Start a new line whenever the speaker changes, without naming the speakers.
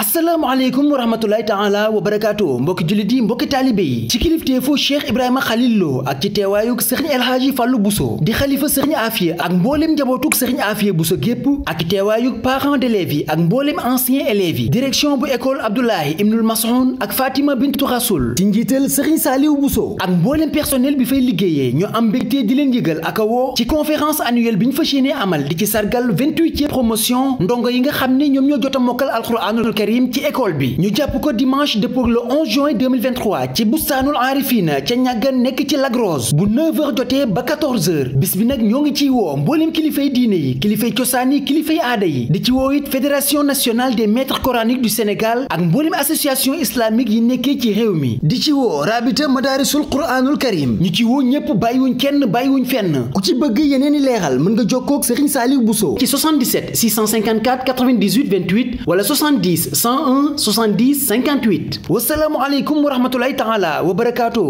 asalaamaaleykum wa rahmatulahi taala wa barakaatu mbokki jullit yi mbokki taalibe yi ci kilifteefu cheikh ibrahima xalil Lo ak ci teewaayuk sëriñ elhaaji fàllu buso di xalifa sëriñ afiye ak mbooleem njabootuk sëriñ afiye buso gépp ak teewaayuk parents d'élèves yi ak mbooleem anciens élèves yi direction bu école abdoulahi ibnul masoun ak fatima bintu rasul ci njiital sëriñ saaliw buso ak mbooleem personnel bi fay liggéeyee ñoo am mbégte di leen yëgal ak a woo ci bi ñu fas yéene amal di ci sargal nga xam ne ñoom ñoo jot a Karim ci école bi ñu jàpp ko dimanche depuis le 11 juin 2023 ci bustaanul aarifina ca ñàggan nekk ci lagrose bu 9 jotee ba 14 bis bi nag ñoo ngi ci woo mbooleem kilifay diine yi kilifay cosaan yi kilifay aada yi di ci woo it fédération nationale des maîtres coraniques du Sénégal ak mbooleem association islamique yi nekkee ci réew mi di ci woo rabita madaarisul quraanul karim ñu ci woo ñépp bàyyiwuñ kenn bàyyiwuñ fenn ku ci bëgg yeneen i leeral mën nga jokkoo ak Serigne Saliou Bousso ci 77 654 98 28 wala 70 101 70 58 wasalaamualeykum wa rahmatulahi taala wa barakaatu.